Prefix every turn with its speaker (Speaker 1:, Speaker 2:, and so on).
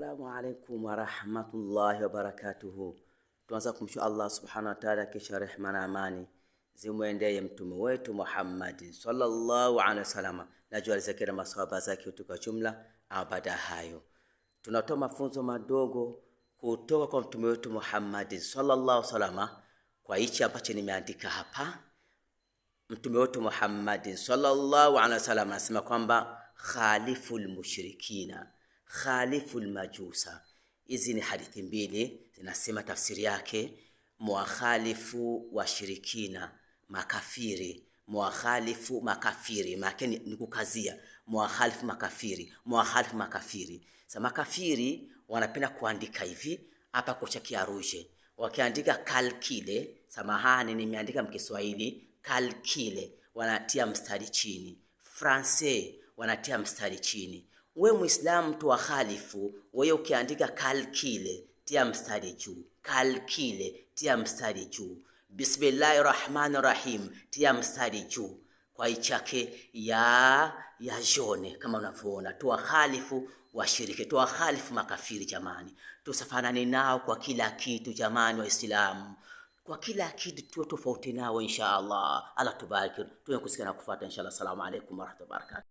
Speaker 1: Assalamu alaikum warahmatullahi wabarakatuhu. Tuanza kumshukuru Allah subhanahu wa ta'ala, kisha rehma na amani zimwendeye mtume wetu Muhammad sallallahu alaihi wasallam na juu na maswahaba zake kutoka jumla. Baada hayo, tunatoa mafunzo madogo kutoka kwa mtume wetu Muhammad sallallahu alaihi wasallam kwa hichi ambacho nimeandika hapa. Mtume wetu Muhammad sallallahu alaihi wasallam anasema kwamba khaliful mushrikina khalifu majusa. Hizi ni hadithi mbili zinasema tafsiri yake, mwakhalifu washirikina makafiri, mwakhalifu makafiri, maana ni kukazia mwakhalifu makafiri, mwakhalifu makafiri. Sa makafiri wanapenda kuandika hivi hapa kocha kiarushe, wakiandika kalkile, samahani, nimeandika mkiswahili kalkile, wanatia mstari chini. Francais wanatia mstari chini we Muislamu tu khalifu wewe, ukiandika kalkile tia mstari juu, kalkile tia mstari juu, bismillahi rahmani rahim tia mstari juu kwa ichake ya ya jone, kama unavyoona tu wahalifu washirike, tu khalifu makafiri. Jamani, tusafanane nao kwa kila kitu jamani, Waislamu kwa kila kitu tuwe tofauti nao, insha Allah. tubariki, tuwe kusikia na kufuata insha Assalamu alaykum wa rahmatullahi wa barakatuh.